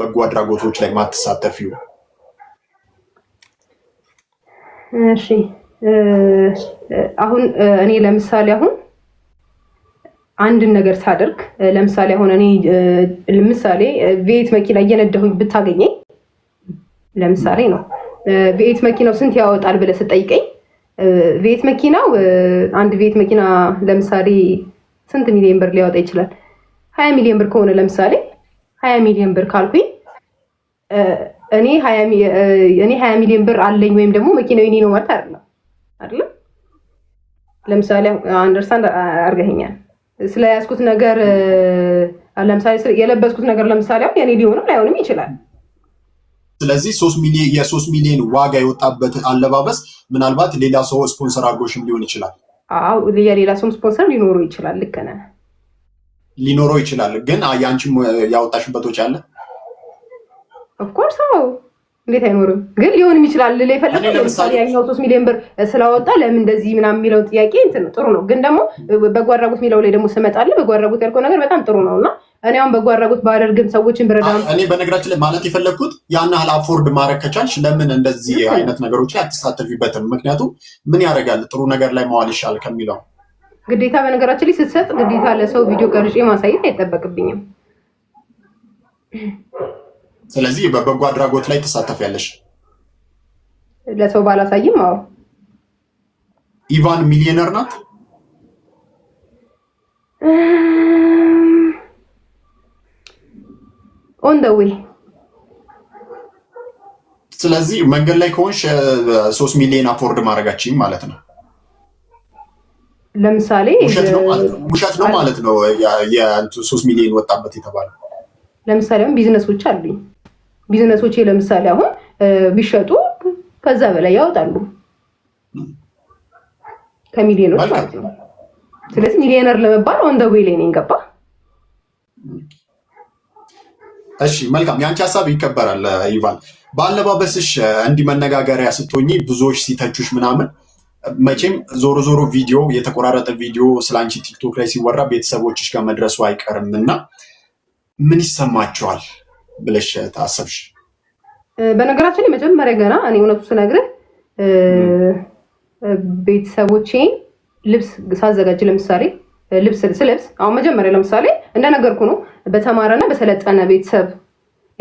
በጎ አድራጎቶች ላይ ማትሳተፊው? እሺ አሁን እኔ ለምሳሌ አሁን አንድን ነገር ሳደርግ ለምሳሌ አሁን እኔ ለምሳሌ ቤት መኪና እየነዳሁኝ ብታገኘኝ ለምሳሌ ነው ቤት መኪናው ስንት ያወጣል ብለህ ስጠይቀኝ ቤት መኪናው አንድ ቤት መኪና ለምሳሌ ስንት ሚሊዮን ብር ሊያወጣ ይችላል? ሀያ ሚሊዮን ብር ከሆነ ለምሳሌ ሀያ ሚሊዮን ብር ካልኩኝ እኔ ሀያ ሚሊዮን ብር አለኝ ወይም ደግሞ መኪናው የኔ ነው ማለት አይደለም። አይደለም ለምሳሌ አንደርስታንድ አርገኛል ስለያዝኩት ነገር ለምሳሌ የለበስኩት ነገር ለምሳሌ አሁን የኔ ሊሆንም ላይሆንም ይችላል። ስለዚህ የሶስት ሚሊዮን ዋጋ የወጣበት አለባበስ ምናልባት ሌላ ሰው ስፖንሰር አድርጎሽም ሊሆን ይችላል። አዎ የሌላ ሰው ስፖንሰር ሊኖረው ይችላል። ልክ ነህ፣ ሊኖረው ይችላል። ግን የአንቺም ያወጣሽበት ወጪ አለ ኦፍኮርስ አዎ፣ እንዴት አይኖርም? ግን ሊሆንም ይችላል። ለይፈልግ ለምሳሌ ያኛው ሶስት ሚሊዮን ብር ስላወጣ ለምን እንደዚህ ምናምን የሚለው ጥያቄ እንትን ጥሩ ነው። ግን ደግሞ በጎ አድራጎት የሚለው ላይ ደግሞ ስመጣለ በጎ አድራጎት ያልከው ነገር በጣም ጥሩ ነው እና እኔ አሁን በጎ አድራጎት ባደርግም ሰዎችን ብረዳ እኔ በነገራችን ላይ ማለት የፈለግኩት ያን ያህል አፎርድ ማድረግ ከቻልሽ ለምን እንደዚህ አይነት ነገሮች ላይ አትሳተፊበትም? ምክንያቱም ምን ያደርጋል ጥሩ ነገር ላይ መዋል ይሻል ከሚለው ግዴታ። በነገራችን ላይ ስትሰጥ ግዴታ ለሰው ቪዲዮ ቀርጬ ማሳየት አይጠበቅብኝም። ስለዚህ በበጎ አድራጎት ላይ ትሳተፊያለሽ? ለሰው ባላሳይም። አዎ። ኢቫን ሚሊዮነር ናት? ኦን ደ ዌይ። ስለዚህ መንገድ ላይ ከሆንሽ ሶስት ሚሊዮን አፎርድ ማድረጋችን ማለት ነው። ለምሳሌ ውሸት ነው ማለት ነው። የሶስት ሚሊዮን ወጣበት የተባለው ለምሳሌ ቢዝነሶች አሉኝ። ቢዝነሶቼ ለምሳሌ አሁን ቢሸጡ ከዛ በላይ ያወጣሉ ከሚሊዮኖች ማለት ነው። ስለዚህ ሚሊዮነር ለመባል ወንደ ዘ ላይ ነኝ። ገባ? እሺ፣ መልካም የአንቺ ሀሳብ ይከበራል። ይቫል በአለባበስሽ እንዲህ መነጋገሪያ ስትሆኚ ብዙዎች ሲተቹሽ ምናምን መቼም ዞሮ ዞሮ ቪዲዮ የተቆራረጠ ቪዲዮ ስለ አንቺ ቲክቶክ ላይ ሲወራ ቤተሰቦችሽ ጋር መድረሱ አይቀርም እና ምን ይሰማቸዋል? ብለሽ ታሰብሽ? በነገራችን ላይ መጀመሪያ ገና እኔ እውነቱ ስነግርህ ቤተሰቦቼ ልብስ ሳዘጋጅ ለምሳሌ ልብስ ስለብስ አሁን መጀመሪያ ለምሳሌ እንደነገርኩ ነው በተማረና በሰለጠነ ቤተሰብ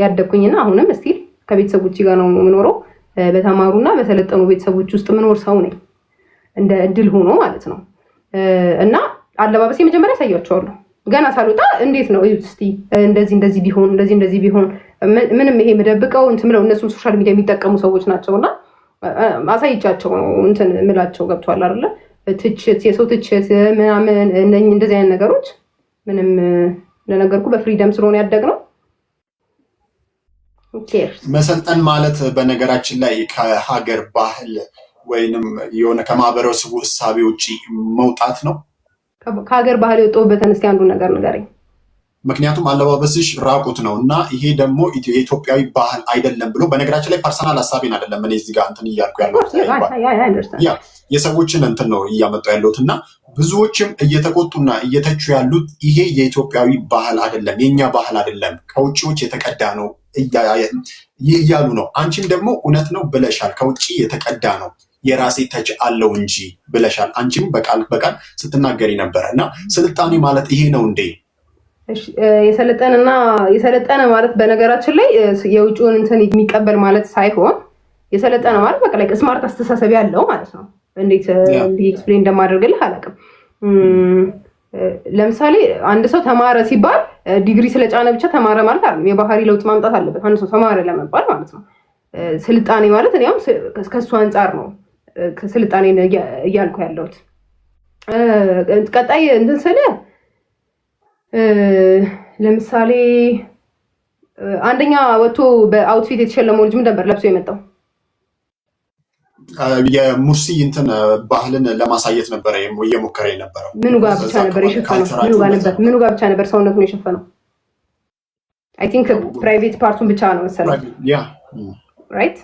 ያደግኩኝና አሁንም እስቲል ከቤተሰቦች ጋር ነው የምኖረው። በተማሩና በሰለጠኑ ቤተሰቦች ውስጥ ምኖር ሰው ነኝ፣ እንደ እድል ሆኖ ማለት ነው። እና አለባበሴ መጀመሪያ ያሳያቸዋለሁ ገና ሳልወጣ እንዴት ነው እዩት እንደዚህ እንደዚህ ቢሆን እንደዚህ እንደዚህ ቢሆን ምንም ይሄ የምደብቀው እንትን ምለው እነሱም ሶሻል ሚዲያ የሚጠቀሙ ሰዎች እና አሳይቻቸው ነው እንትን ምላቸው ገብቷል አይደለ ትችት የሰው ትችት ምናምን እንደዚህ አይነት ነገሮች ምንም ለነገርኩ በፍሪደም ስለሆነ ነው መሰልጠን ማለት በነገራችን ላይ ከሀገር ባህል ወይንም የሆነ ከማህበረሰቡ እሳቤ ውጭ መውጣት ነው ከሀገር ባህል የወጣሁበትን እስኪ አንዱ ነገር ንገረኝ። ምክንያቱም አለባበስሽ ራቁት ነው እና ይሄ ደግሞ የኢትዮጵያዊ ባህል አይደለም ብሎ በነገራችን ላይ ፐርሰናል ሀሳቤን አይደለም እኔ እዚህ ጋር እንትን እያልኩ ያለሁት ያ የሰዎችን እንትን ነው እያመጡ ያለሁት እና ብዙዎችም እየተቆጡና እየተቹ ያሉት ይሄ የኢትዮጵያዊ ባህል አይደለም፣ የእኛ ባህል አይደለም፣ ከውጭዎች የተቀዳ ነው እያሉ ነው። አንቺም ደግሞ እውነት ነው ብለሻል፣ ከውጭ የተቀዳ ነው የራሴ ተች አለው እንጂ ብለሻል። አንቺም በቃል በቃል ስትናገሪ ነበረ እና ስልጣኔ ማለት ይሄ ነው እንዴ? የሰለጠነና የሰለጠነ ማለት በነገራችን ላይ የውጭውን እንትን የሚቀበል ማለት ሳይሆን የሰለጠነ ማለት በቃ ላይ ስማርት አስተሳሰብ ያለው ማለት ነው። እንዴት ኤክስፕሌን እንደማደርግልህ አላውቅም። ለምሳሌ አንድ ሰው ተማረ ሲባል ዲግሪ ስለጫነ ብቻ ተማረ ማለት አይደለም። የባህሪ ለውጥ ማምጣት አለበት አንድ ሰው ተማረ ለመባል ማለት ነው። ስልጣኔ ማለት እኔ ከእሱ አንጻር ነው ስልጣኔ እያልኩ ያለሁት። ቀጣይ እንትን ስለ ለምሳሌ አንደኛ ወጥቶ በአውትፊት የተሸለመው ልጅ ምን ነበር ለብሶ የመጣው? የሙርሲ እንትን ባህልን ለማሳየት ነበረ እየሞከረ የነበረው። ምኑ ጋር ብቻ ነበር የሸፈነው? ምኑ ጋር ብቻ ነበር ሰውነቱን የሸፈነው? አይ ቲንክ ፕራይቬት ፓርቱን ብቻ ነው መሰለኝ ራይት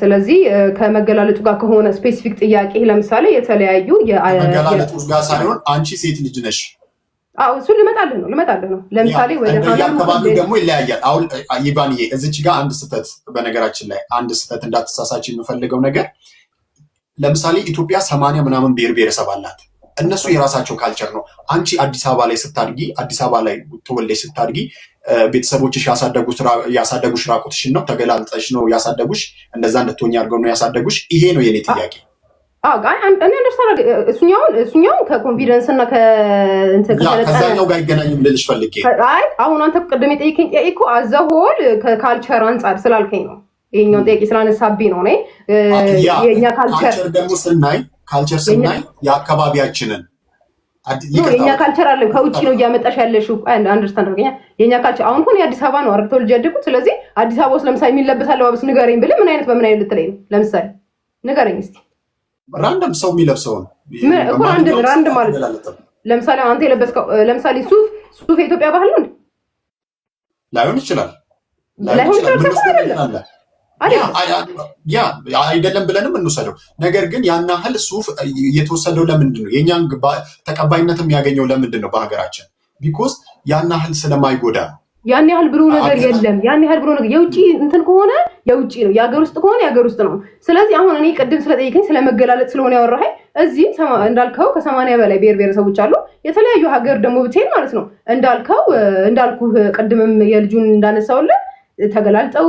ስለዚህ ከመገላለጡ ጋር ከሆነ ስፔሲፊክ ጥያቄ ለምሳሌ የተለያዩ መገላለጦች ጋር ሳይሆን አንቺ ሴት ልጅ ነሽ። አዎ እሱን ልመጣልህ ነው ልመጣልህ ነው። ለምሳሌ ወደአካባቢ ደግሞ ይለያያል። አሁን ይባንዬ እዚች ጋር አንድ ስህተት፣ በነገራችን ላይ አንድ ስህተት እንዳትሳሳች የምፈልገው ነገር ለምሳሌ ኢትዮጵያ ሰማንያ ምናምን ብሔር ብሔረሰብ አላት። እነሱ የራሳቸው ካልቸር ነው። አንቺ አዲስ አበባ ላይ ስታድጊ፣ አዲስ አበባ ላይ ተወልደሽ ስታድጊ ቤተሰቦችሽ ያሳደጉሽ ራቁትሽን ነው ተገላልጠሽ ነው ያሳደጉሽ፣ እንደዛ እንድትሆኝ አድርገው ነው ያሳደጉሽ? ይሄ ነው የኔ ጥያቄ። እሱኛውን ከኮንፊደንስ እና ከዛኛው ጋር ልልሽ ፈልጌ። አሁን አንተ ቅድም የጠየቀኝ ጥያቄ እኮ አዘሆል ከካልቸር አንጻር ስላልከኝ ነው ይሄኛውን ጥያቄ ስላነሳቢ ነው። የእኛ ካልቸር ደግሞ ስናይ ካልቸር ስናይ የአካባቢያችንን የኛ ካልቸር አለ ከውጭ ነው እያመጣሽ ያለሽ አንደርስታንድ አድርገኛ የኛ ካልቸር አሁን ሁን የአዲስ አበባ ነው አርግተው ልጅ ያደጉት ስለዚህ አዲስ አበባ ውስጥ ለምሳሌ የሚለበስ አለባበስ ንገረኝ ብልህ ምን አይነት በምን አይነት ልትለኝ ነው ለምሳሌ ንገረኝ እስኪ ራንደም ሰው የሚለብሰው ራንደም ራንደም ማለት ለምሳሌ አንተ የለበስከው ለምሳሌ ሱፍ ሱፍ የኢትዮጵያ ባህል ነው ላይሆን ይችላል ላይሆን ይችላል አይደለም ብለንም እንውሰደው። ነገር ግን ያን ያህል ሱፍ የተወሰደው ለምንድን ነው? የእኛን ተቀባይነት የሚያገኘው ለምንድን ነው? በሀገራችን ቢኮዝ ያን ያህል ስለማይጎዳ ነው። ያን ያህል ብሎ ነገር የለም። ያን ያህል ብሎ ነገር የውጭ እንትን ከሆነ የውጭ ነው፣ የሀገር ውስጥ ከሆነ የሀገር ውስጥ ነው። ስለዚህ አሁን እኔ ቅድም ስለጠይቀኝ ስለመገላለጥ ስለሆነ ያወራኸኝ እዚህ እንዳልከው ከሰማንያ በላይ ብሔር ብሔረሰቦች አሉ። የተለያዩ ሀገር ደግሞ ብትሄድ ማለት ነው እንዳልከው እንዳልኩ ቅድምም የልጁን እንዳነሳውለን ተገላልጠው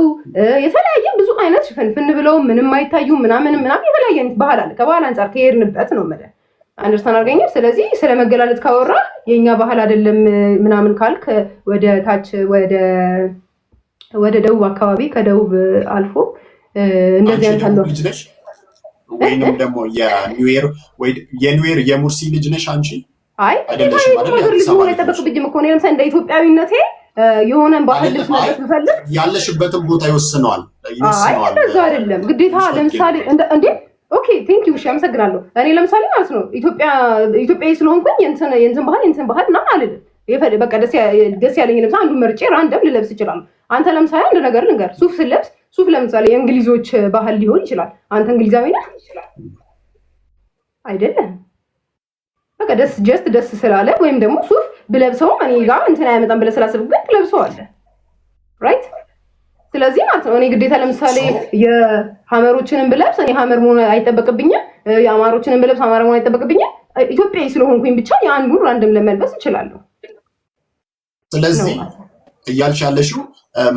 የተለያየ አይነት ሽፍንፍን ብለው ምንም አይታዩ ምናምን ምናምን የተለያየ አይነት ባህል አለ። ከባህል አንጻር ከሄድንበት ነው የምልህ አንደርስታን አድርገኛል። ስለዚህ ስለ መገላለጥ ካወራ የእኛ ባህል አይደለም ምናምን ካልክ ወደ ታች ወደ ወደ ደቡብ አካባቢ ከደቡብ አልፎ እንደዚህ አይነት አለው ወይም ደግሞ ወይ የኒውር የሙርሲ ልጅ ነሽ አንቺ? አይ ልጅ ልሆን የጠበቅብኝ እኮ ነው። ለምሳሌ እንደ ኢትዮጵያዊነቴ የሆነን ባህል ልትመለስ ብፈልግ ያለሽበትን ቦታ ይወስነዋል። እንደዛ አይደለም ግዴታ። ለምሳሌ እንዴ ኦኬ ቴንክ ዩ እሺ፣ አመሰግናለሁ። እኔ ለምሳሌ ማለት ነው ኢትዮጵያ ኢትዮጵያዊ ስለሆንኩኝ የንትን ባህል የንትን ባህል ምናምን አልልም። በቃ ደስ ያለኝ ለምሳ አንዱ መርጬ ራንደም ልለብስ ይችላል። አንተ ለምሳሌ አንድ ነገር ንገር፣ ሱፍ ስለብስ ሱፍ ለምሳሌ የእንግሊዞች ባህል ሊሆን ይችላል። አንተ እንግሊዛዊ ነህ አይደለም? በቃ ደስ ጀስት ደስ ስላለ ወይም ደግሞ ሱፍ ብለብሰው እኔ ጋር እንትን አያመጣም ብለህ ስላስብ ግን ራይት ስለዚህ ማለት ነው እኔ ግዴታ ለምሳሌ የሀመሮችንም ብለብስ እኔ ሀመር መሆን አይጠበቅብኝም። የአማሮችንም ብለብስ አማራ መሆን አይጠበቅብኝም። ኢትዮጵያዊ ስለሆንኩኝ ብቻ የአንዱን ራንደም ለመልበስ እችላለሁ። ስለዚህ እያልሽ ያለሽው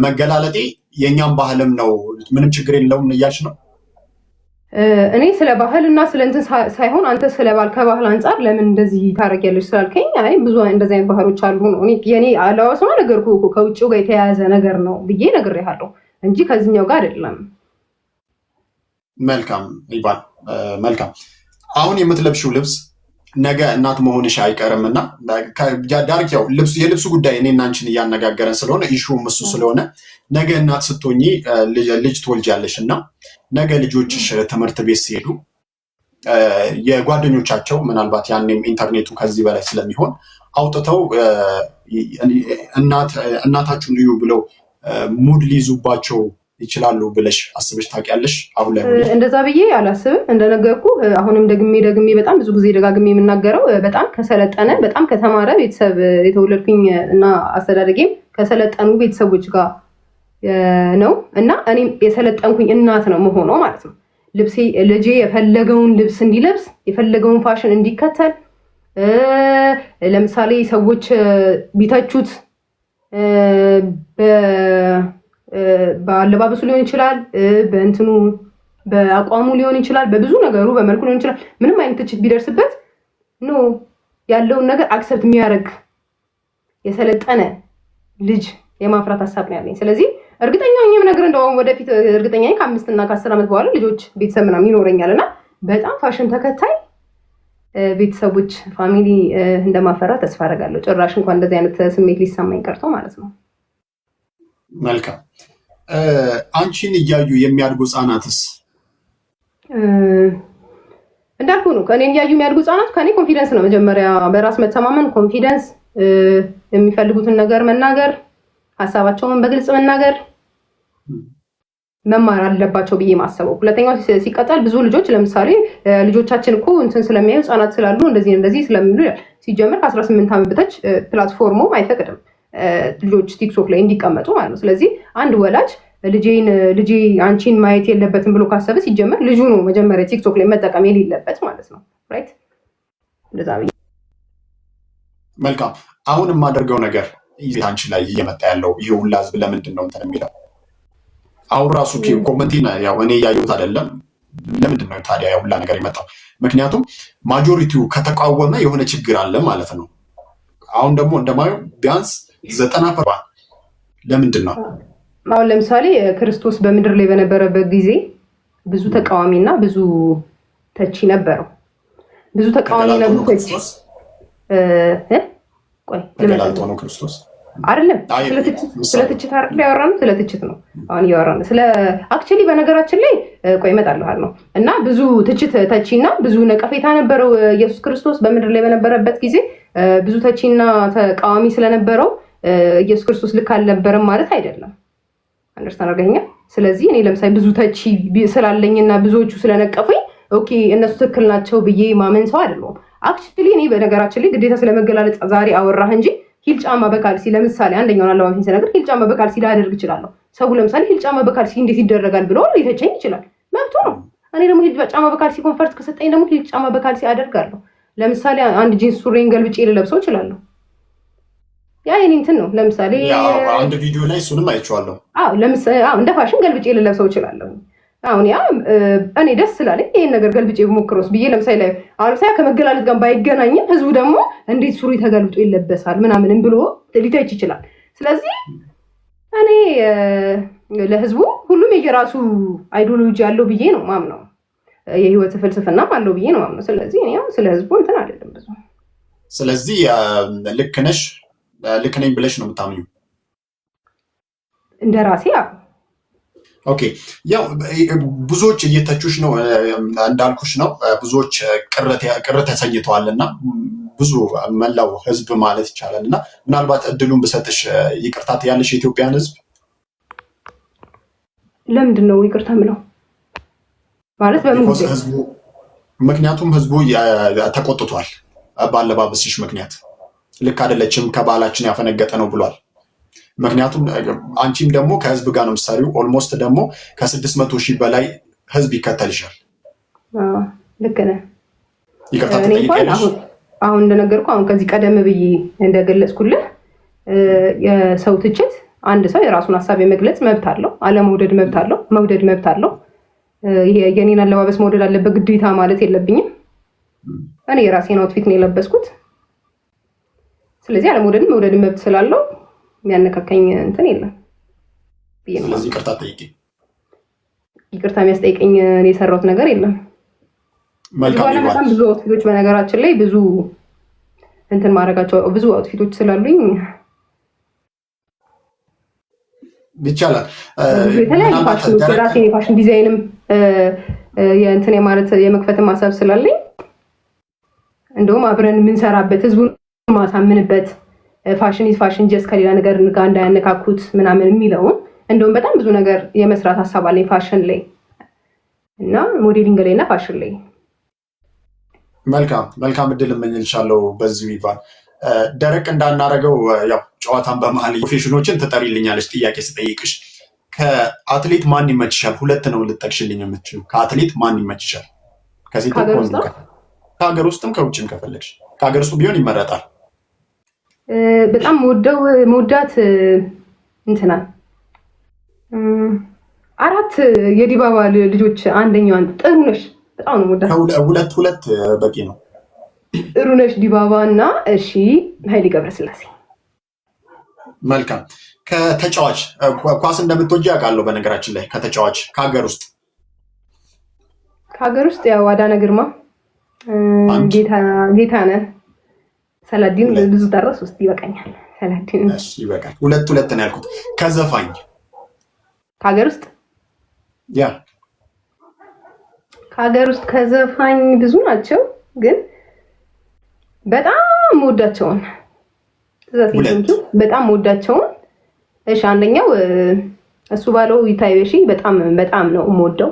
መገላለጤ የእኛም ባህልም ነው፣ ምንም ችግር የለውም እያልሽ ነው እኔ ስለ ባህል እና ስለ እንትን ሳይሆን አንተ ስለ ባል ከባህል አንጻር ለምን እንደዚህ ታደርጊያለሽ ስላልከኝ፣ አይ ብዙ እንደዚህ አይነት ባህሎች አሉ ነው። እኔ የኔ አለባበስማ ነገርኩህ እኮ ከውጭው ጋር የተያያዘ ነገር ነው ብዬ ነግሬሃለሁ እንጂ ከዚህኛው ጋር አይደለም። መልካም ይባል መልካም። አሁን የምትለብሽው ልብስ ነገ እናት መሆንሽ አይቀርም እና ዳርክ ያው የልብሱ ጉዳይ እኔ እናንችን እያነጋገረን ስለሆነ ኢሹም እሱ ስለሆነ ነገ እናት ስትሆኚ ልጅ ትወልጃለሽ እና ነገ ልጆችሽ ትምህርት ቤት ሲሄዱ የጓደኞቻቸው ምናልባት ያኔም ኢንተርኔቱ ከዚህ በላይ ስለሚሆን አውጥተው እናታችሁን እዩ ብለው ሙድ ሊይዙባቸው ይችላሉ ብለሽ አስበሽ ታውቂያለሽ? አሁን ላይ እንደዛ ብዬ አላስብም። እንደነገርኩ አሁንም ደግሜ ደግሜ በጣም ብዙ ጊዜ ደጋግሜ የምናገረው በጣም ከሰለጠነ በጣም ከተማረ ቤተሰብ የተወለድኩኝ እና አስተዳደጌም ከሰለጠኑ ቤተሰቦች ጋር ነው እና እኔም የሰለጠንኩኝ እናት ነው መሆኗ ማለት ነው። ልብሴ ልጄ የፈለገውን ልብስ እንዲለብስ የፈለገውን ፋሽን እንዲከተል ለምሳሌ ሰዎች ቢተቹት በአለባበሱ ሊሆን ይችላል፣ በእንትኑ በአቋሙ ሊሆን ይችላል፣ በብዙ ነገሩ በመልኩ ሊሆን ይችላል። ምንም አይነት ትችት ቢደርስበት ኖ ያለውን ነገር አክሰፕት የሚያደርግ የሰለጠነ ልጅ የማፍራት ሀሳብ ነው ያለኝ። ስለዚህ እርግጠኛ ነገር እንደውም ወደፊት እርግጠኛ ከአምስት እና ከአስር ዓመት በኋላ ልጆች ቤተሰብ ምናምን ይኖረኛል እና በጣም ፋሽን ተከታይ ቤተሰቦች ፋሚሊ እንደማፈራ ተስፋ አደርጋለሁ። ጭራሽ እንኳን እንደዚህ አይነት ስሜት ሊሰማኝ ቀርቶ ማለት ነው። መልካም። አንቺን እያዩ የሚያድጉ ህጻናትስ? እንዳልኩ ነው። ከእኔ እያዩ የሚያድጉ ህጻናት ከኔ ኮንፊደንስ ነው መጀመሪያ፣ በራስ መተማመን፣ ኮንፊደንስ፣ የሚፈልጉትን ነገር መናገር፣ ሀሳባቸውን በግልጽ መናገር መማር አለባቸው ብዬ ማሰበው። ሁለተኛው ሲቀጠል ብዙ ልጆች ለምሳሌ ልጆቻችን እኮ እንትን ስለሚያዩ ህጻናት ስላሉ እንደዚህ እንደዚህ ስለሚሉ ሲጀምር ከ18 ዓመት በታች ፕላትፎርሙም አይፈቅድም። ልጆች ቲክቶክ ላይ እንዲቀመጡ ማለት ነው። ስለዚህ አንድ ወላጅ ልጄን ልጄ አንቺን ማየት የለበትም ብሎ ካሰበ ሲጀመር ልጁ ነው መጀመሪያ ቲክቶክ ላይ መጠቀም የሌለበት ማለት ነው። ራይት እንደዛ ብዬ መልካም። አሁን የማደርገው ነገር አንቺ ላይ እየመጣ ያለው ይህ ሁላ ህዝብ ለምንድን ነው እንትን የሚለው አሁን ራሱ ኮመንቲን ያው እኔ እያየሁት አይደለም። ለምንድን ነው ታዲያ ሁላ ነገር የመጣው? ምክንያቱም ማጆሪቲው ከተቃወመ የሆነ ችግር አለ ማለት ነው። አሁን ደግሞ እንደማየው ቢያንስ ዘጠና ፐርሰንት ለምንድን ነው? አሁን ለምሳሌ ክርስቶስ በምድር ላይ በነበረበት ጊዜ ብዙ ተቃዋሚ እና ብዙ ተቺ ነበረው። ብዙ ተቃዋሚ ነው ተቺ ነው ክርስቶስ አይደለም። ስለ ትችት አር ያወራነው ስለ ትችት ነው አሁን እያወራነው ስለ አክቹዋሊ በነገራችን ላይ ቆይ እመጣልሃል ነው እና ብዙ ትችት ተቺ እና ብዙ ነቀፌታ ነበረው ኢየሱስ ክርስቶስ በምድር ላይ በነበረበት ጊዜ ብዙ ተቺ እና ተቃዋሚ ስለነበረው ኢየሱስ ክርስቶስ ልክ አልነበረም ማለት አይደለም። አንደርስታን አርገኛ። ስለዚህ እኔ ለምሳሌ ብዙ ተቺ ስላለኝና ብዙዎቹ ስለነቀፉኝ ኦኬ እነሱ ትክክል ናቸው ብዬ ማመን ሰው አይደለሁም። አክቹዋሊ እኔ በነገራችን ላይ ግዴታ ስለመገላለጽ ዛሬ አወራህ እንጂ ሂል ጫማ በካልሲ ለምሳሌ አንደኛውን አለባበሴን ስነግር ሂል ጫማ በካልሲ ላደርግ ይችላለሁ። ሰው ለምሳሌ ሂል ጫማ በካልሲ እንዴት ይደረጋል ብሎ ሊተቸኝ ይችላል። መብቱ ነው። እኔ ደግሞ ሂል ጫማ በካልሲ ኮንፈርት ከሰጠኝ ደግሞ ሂል ጫማ በካልሲ አደርጋለሁ። ለምሳሌ አንድ ጂንስ ሱሬን ገልብጬ ልለብሰው ይችላለሁ። ያ የኔ እንትን ነው። ለምሳሌ አንድ ቪዲዮ ላይ እሱንም አይቼዋለሁ። እንደ ፋሽን ገልብጬ ልለብሰው እችላለሁ። አሁን ያ እኔ ደስ ስላለኝ ይሄን ነገር ገልብጬ ሞክረውስ ብዬ ለምሳሌ ላይ አሁን ለምሳሌ ከመገላለጥ ጋር ባይገናኝም ህዝቡ ደግሞ እንዴት ሱሪ ተገልብጦ ይለበሳል ምናምንም ብሎ ሊተች ይችላል። ስለዚህ እኔ ለህዝቡ ሁሉም የየራሱ አይዲዮሎጂ አለው ብዬ ነው ማምነው። የህይወት ፍልስፍናም አለው ብዬ ነው ማምነው። ስለዚህ ስለ ህዝቡ እንትን አይደለም ብዙ። ስለዚህ ልክ ነሽ ልክ ነኝ ብለሽ ነው የምታምኙ? እንደ ራሴ ኦኬ። ያው ብዙዎች እየተቹሽ ነው እንዳልኩሽ ነው። ብዙዎች ቅር ተሰኝተዋል እና ብዙ መላው ህዝብ ማለት ይቻላል እና ምናልባት እድሉን ብሰጥሽ ይቅርታት ያለሽ የኢትዮጵያን ህዝብ ለምንድን ነው ይቅርታ ምለው ማለት በምን ምክንያቱም ህዝቡ ተቆጥቷል በአለባበስሽ ምክንያት ልክ አይደለችም፣ ከባህላችን ያፈነገጠ ነው ብሏል። ምክንያቱም አንቺም ደግሞ ከህዝብ ጋር ነው የምትሰሪው። ኦልሞስት ደግሞ ከስድስት መቶ ሺህ በላይ ህዝብ ይከተልሻል። ልክ ነህ። ይቅርታ አሁን እንደነገርኩ አሁን ከዚህ ቀደም ብዬ እንደገለጽኩልህ የሰው ትችት አንድ ሰው የራሱን ሀሳብ የመግለጽ መብት አለው። አለመውደድ መብት አለው። መውደድ መብት አለው። የኔን አለባበስ መውደድ አለበት ግዴታ ማለት የለብኝም። እኔ የራሴን አውትፊት ነው የለበስኩት። ስለዚህ አለመውደድ መውደድ መብት ስላለው የሚያነካካኝ እንትን የለም። ስለዚህ ይቅርታ ጠይቂ። ይቅርታ የሚያስጠይቀኝ የሰራሁት ነገር የለም። በጣም ብዙ አውትፊቶች በነገራችን ላይ ብዙ እንትን ማድረጋቸው ብዙ አውትፊቶች ስላሉኝ ይቻላል። የተለያዩ ፋሽኖች የራሴን የፋሽን ዲዛይንም የእንትን የማለት የመክፈትን ማሰብ ስላለኝ እንደውም አብረን የምንሰራበት ህዝቡ ማሳምንበት ፋሽን ኢዝ ፋሽን ጀስ ከሌላ ነገር ጋር እንዳያነካኩት ምናምን የሚለውን እንደውም በጣም ብዙ ነገር የመስራት ሀሳብ አለኝ ፋሽን ላይ እና ሞዴሊንግ ላይ እና ፋሽን ላይ። መልካም መልካም እድል እመኝልሻለሁ። በዚሁ ይባል ደረቅ እንዳናረገው ያው ጨዋታን በመሀል ፕሮፌሽኖችን ትጠሪልኛለች ጥያቄ ስጠይቅሽ ከአትሌት ማን ይመችሻል? ሁለት ነው ልጠቅሽልኝ የምትችሉ ከአትሌት ማን ይመችሻል? ከሴት ከሀገር ውስጥም ከውጭም ከፈለግሽ ከሀገር ውስጥ ቢሆን ይመረጣል። በጣም ወደው መውዳት እንትና አራት የዲባባ ልጆች አንደኛዋን ጥሩ ነሽ፣ በጣም ነው ወዳት። ሁለት ሁለት በቂ ነው። ጥሩ ነሽ ዲባባ እና እሺ፣ ኃይሌ ገብረስላሴ። መልካም ከተጫዋች ኳስ እንደምትወጂ አውቃለሁ። በነገራችን ላይ ከተጫዋች ከሀገር ውስጥ ከሀገር ውስጥ ያው አዳነ ግርማ ጌታ ጌታ ነን ሰላዲን ብዙ ደረስ ውስጥ ይበቃኛል። ሰላዲን ይበቃል። ሁለት ሁለት ነው ያልኩት። ከዘፋኝ ከሀገር ውስጥ ያ ከሀገር ውስጥ ከዘፋኝ ብዙ ናቸው፣ ግን በጣም ወዳቸውን በጣም ወዳቸውን። እሺ፣ አንደኛው እሱ ባለው ይታይ በሺ በጣም በጣም ነው የምወደው